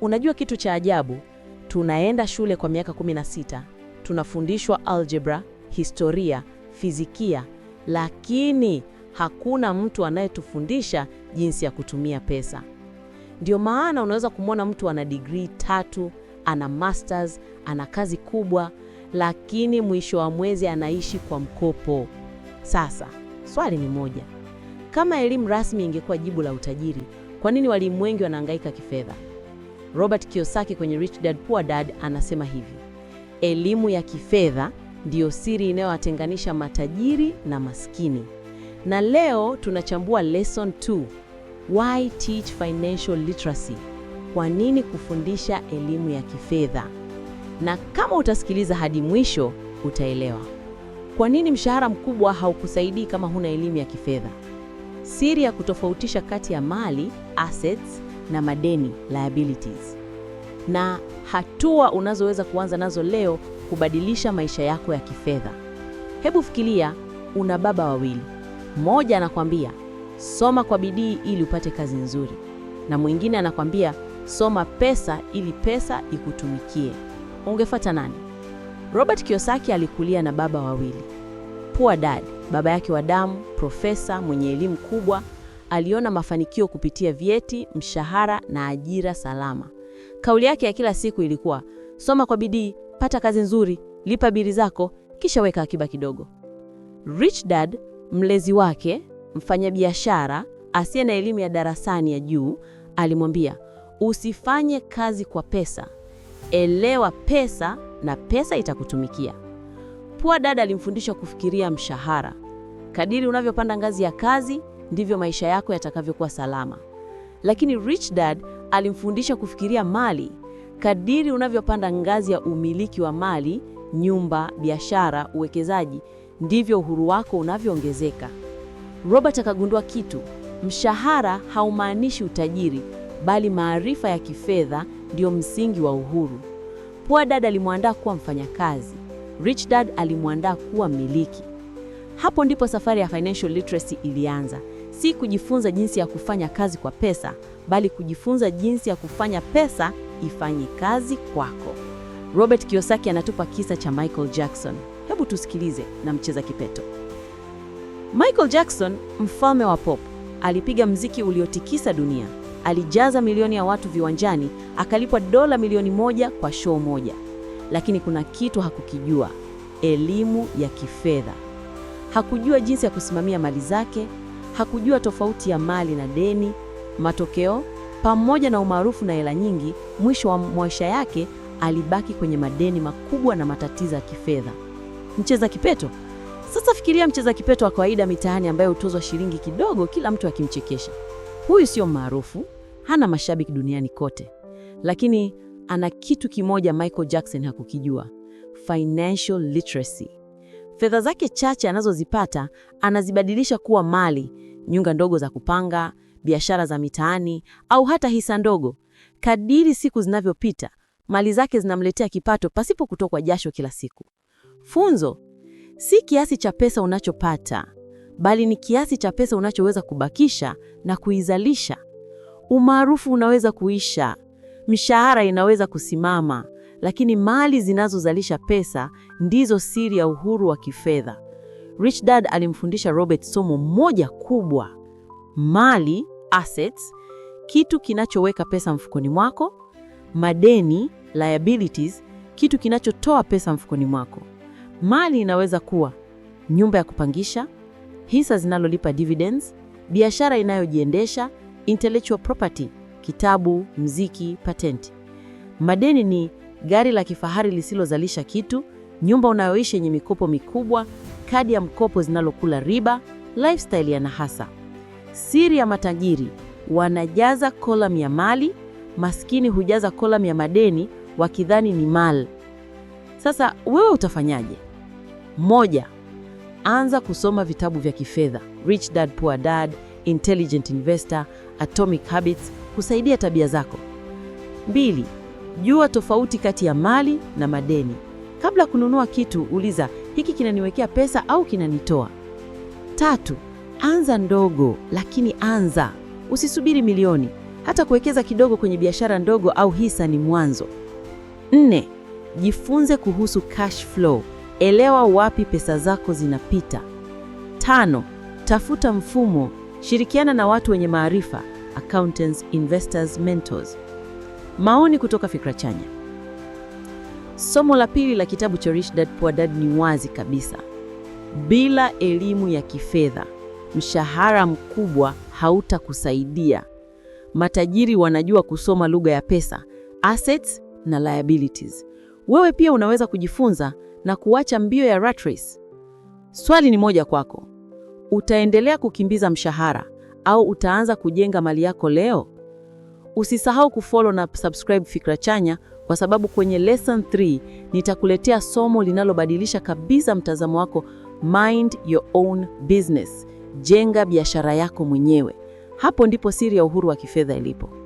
Unajua kitu cha ajabu, tunaenda shule kwa miaka 16, tunafundishwa algebra, historia, fizikia, lakini hakuna mtu anayetufundisha jinsi ya kutumia pesa. Ndio maana unaweza kumwona mtu ana degree tatu, ana masters, ana kazi kubwa, lakini mwisho wa mwezi anaishi kwa mkopo. Sasa swali ni moja, kama elimu rasmi ingekuwa jibu la utajiri, kwa nini walimu wengi wanahangaika kifedha? Robert Kiyosaki kwenye Rich Dad Poor Dad anasema hivi: elimu ya kifedha ndiyo siri inayowatenganisha matajiri na maskini. Na leo tunachambua lesson 2, why teach financial literacy, kwa nini kufundisha elimu ya kifedha. Na kama utasikiliza hadi mwisho utaelewa kwa nini mshahara mkubwa haukusaidii kama huna elimu ya kifedha, siri ya kutofautisha kati ya mali assets na madeni liabilities, na hatua unazoweza kuanza nazo leo kubadilisha maisha yako ya kifedha. Hebu fikiria, una baba wawili, mmoja anakwambia soma kwa bidii ili upate kazi nzuri, na mwingine anakwambia soma pesa ili pesa ikutumikie. Ungefuata nani? Robert Kiyosaki alikulia na baba wawili. Poor dad, baba yake wa damu, profesa mwenye elimu kubwa aliona mafanikio kupitia vyeti, mshahara na ajira salama. Kauli yake ya kila siku ilikuwa soma kwa bidii, pata kazi nzuri, lipa bili zako, kisha weka akiba kidogo. Rich Dad, mlezi wake, mfanyabiashara asiye na elimu ya darasani ya juu, alimwambia usifanye kazi kwa pesa, elewa pesa na pesa itakutumikia. Poor Dad alimfundisha kufikiria mshahara, kadiri unavyopanda ngazi ya kazi ndivyo maisha yako yatakavyokuwa salama. Lakini Rich Dad alimfundisha kufikiria mali. Kadiri unavyopanda ngazi ya umiliki wa mali, nyumba, biashara, uwekezaji, ndivyo uhuru wako unavyoongezeka. Robert akagundua kitu: mshahara haumaanishi utajiri, bali maarifa ya kifedha ndiyo msingi wa uhuru. Poor Dad alimwandaa kuwa mfanyakazi, Rich Dad alimwandaa kuwa mmiliki. Hapo ndipo safari ya financial literacy ilianza si kujifunza jinsi ya kufanya kazi kwa pesa, bali kujifunza jinsi ya kufanya pesa ifanye kazi kwako. Robert Kiyosaki anatupa kisa cha Michael Jackson. Hebu tusikilize na mcheza kipeto. Michael Jackson, mfalme wa pop, alipiga mziki uliotikisa dunia. Alijaza milioni ya watu viwanjani, akalipwa dola milioni moja kwa show moja. Lakini kuna kitu hakukijua, elimu ya kifedha. Hakujua jinsi ya kusimamia mali zake, hakujua tofauti ya mali na deni. Matokeo, pamoja na umaarufu na hela nyingi, mwisho wa maisha yake alibaki kwenye madeni makubwa na matatizo ya kifedha. Mcheza kipeto. Sasa fikiria mcheza kipeto wa kawaida mitaani ambaye hutozwa shilingi kidogo kila mtu akimchekesha. Huyu sio maarufu, hana mashabiki duniani kote, lakini ana kitu kimoja Michael Jackson hakukijua: financial literacy. Fedha zake chache anazozipata anazibadilisha kuwa mali, nyunga ndogo za kupanga, biashara za mitaani au hata hisa ndogo. Kadiri siku zinavyopita, mali zake zinamletea kipato pasipo kutokwa jasho kila siku. Funzo: si kiasi cha pesa unachopata, bali ni kiasi cha pesa unachoweza kubakisha na kuizalisha. Umaarufu unaweza kuisha, mishahara inaweza kusimama, lakini mali zinazozalisha pesa ndizo siri ya uhuru wa kifedha. Rich Dad alimfundisha Robert somo moja kubwa: mali assets, kitu kinachoweka pesa mfukoni mwako; madeni liabilities, kitu kinachotoa pesa mfukoni mwako. Mali inaweza kuwa nyumba ya kupangisha, hisa zinalolipa dividends, biashara inayojiendesha, intellectual property, kitabu, mziki, patenti. Madeni ni gari la kifahari lisilozalisha kitu, nyumba unayoishi yenye mikopo mikubwa, kadi ya mkopo zinalokula riba, lifestyle ya nahasa. Siri ya matajiri, wanajaza kolam ya mali, maskini hujaza kolam ya madeni wakidhani ni mal. Sasa wewe utafanyaje? Moja, anza kusoma vitabu vya kifedha, Rich Dad Poor Dad, Intelligent Investor, Atomic Habits, kusaidia tabia zako. Mbili, Jua tofauti kati ya mali na madeni. Kabla kununua kitu, uliza hiki kinaniwekea pesa au kinanitoa? Tatu, anza ndogo lakini anza. Usisubiri milioni. Hata kuwekeza kidogo kwenye biashara ndogo au hisa ni mwanzo. Nne, jifunze kuhusu cash flow. Elewa wapi pesa zako zinapita. Tano, tafuta mfumo, shirikiana na watu wenye maarifa, accountants, investors, mentors. Maoni kutoka Fikra Chanya. Somo la pili la kitabu cha Rich Dad Poor Dad ni wazi kabisa. Bila elimu ya kifedha, mshahara mkubwa hautakusaidia. Matajiri wanajua kusoma lugha ya pesa, assets na liabilities. Wewe pia unaweza kujifunza na kuacha mbio ya rat race. Swali ni moja kwako. Utaendelea kukimbiza mshahara au utaanza kujenga mali yako leo? Usisahau kufollow na subscribe Fikra Chanya kwa sababu kwenye lesson 3 nitakuletea somo linalobadilisha kabisa mtazamo wako, mind your own business, jenga biashara yako mwenyewe. Hapo ndipo siri ya uhuru wa kifedha ilipo.